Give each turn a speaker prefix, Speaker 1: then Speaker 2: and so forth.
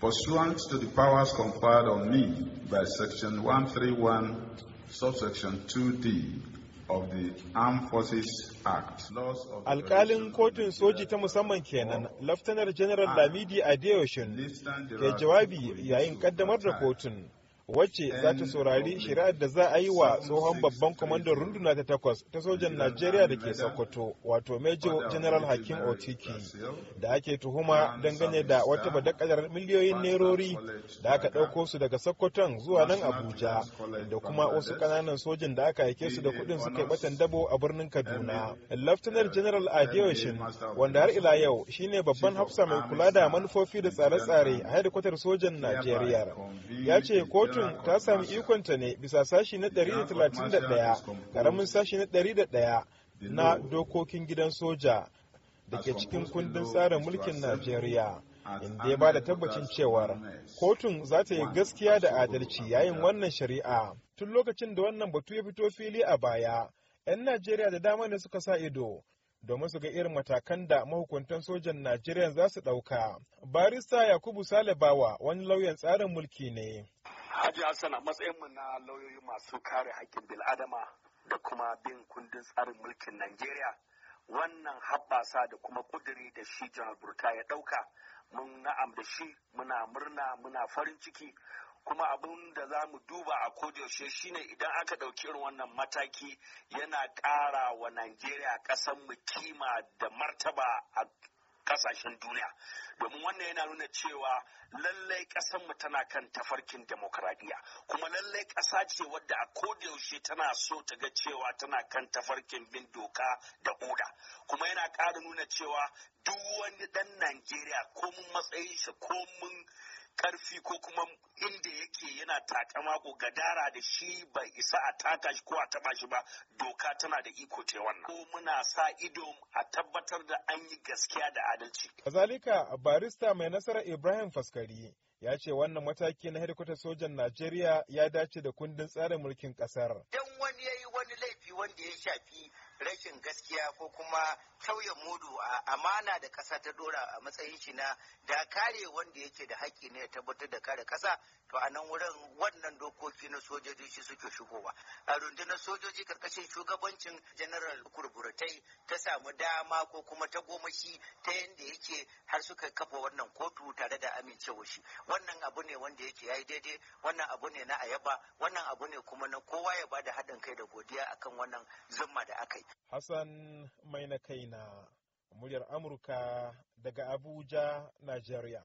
Speaker 1: pursuant to the powers conferred on me by Section 131, subsection 2D of the Armed Forces Act. Alkalin kotun soji ta musamman kenan, Laftanar General Lamidi Adeoshin ke jawabi yayin kaddamar da kotun. wacce za ta saurari shari'ar da za a yi wa tsohon babban kwamandan runduna ta takwas ta sojan uh, najeriya da ke sokoto wato major general hakim otiki da ake tuhuma dangane da wata badakalar miliyoyin nerori da aka ɗauko su daga sokoton zuwa nan abuja da kuma wasu ƙananan sojan da aka aike su da kuɗin suka yi batan dabo a birnin kaduna laftanar uh, general adeoshin wanda har ila yau shine babban hafsa mai kula da manufofi da tsare-tsare a sojan najeriya ya ce kotu kotun ta sami ikonta ne bisa sashi na 131 karamin sashi na 101 na dokokin gidan soja da ke cikin kundin tsarin mulkin najeriya inda ya ba da tabbacin cewar kotun za ta yi gaskiya da adalci yayin wannan shari'a tun lokacin da wannan batu ya fito fili a baya 'yan najeriya da dama ne suka sa ido domin su ga irin matakan da mahukuntan sojan Najeriya za su ɗauka. Barista Yakubu salibawa wani lauyan tsarin mulki ne.
Speaker 2: Haji Hassan a matsayinmu na lauyoyi masu kare haƙƙin bil'adama da kuma bin kundin tsarin mulkin Najeriya wannan habbasa da kuma ƙuduri da shi Janar Burta ya ɗauka mun na'am da shi muna murna muna farin ciki kuma abin da za mu duba a shi ne idan aka ɗauki irin wannan mataki yana ƙara wa Najeriya ƙasar mu kima da martaba a kasashen duniya domin wannan yana nuna cewa lallai mu tana kan tafarkin demokradiyya kuma lallai ƙasa ce wadda a kodayaushe tana so ta ga cewa tana kan tafarkin bin doka da oda kuma yana ƙara nuna cewa duk wani ɗan najeriya ko mun matsayin shi ko mun karfi ko kuma inda yake yana takama ko gadara da shi bai isa a taka shi ko a taba shi ba doka tana da iko ce wannan ko
Speaker 1: muna sa ido a tabbatar da an yi gaskiya da adalci kazalika barista mai nasara Ibrahim Faskari ya ce wannan mataki na hedikwatar sojan Najeriya ya dace da kundin tsarin mulkin kasar.
Speaker 3: Dan wani ya yi wani laifi wanda ya shafi rashin gaskiya ko kuma tauye mudu a amana da ƙasa ta dora a matsayin shi na da kare wanda yake da haƙƙi ne ya tabbatar da kare ƙasa to a nan wurin wannan dokoki na sojoji shi suke shigowa a rundunar sojoji karkashin shugabancin general kurburtai ta samu dama ko kuma ta gomashi ta yadda yake har suka kafa wannan kotu tare da amincewa shi wannan abu ne wanda yake yayi daidai wannan abu ne na ayaba wannan abu ne kuma na kowa ya bada haɗin kai da godiya akan wannan zumma da aka yi
Speaker 1: hassan mai na kai na muryar amurka daga abuja nigeria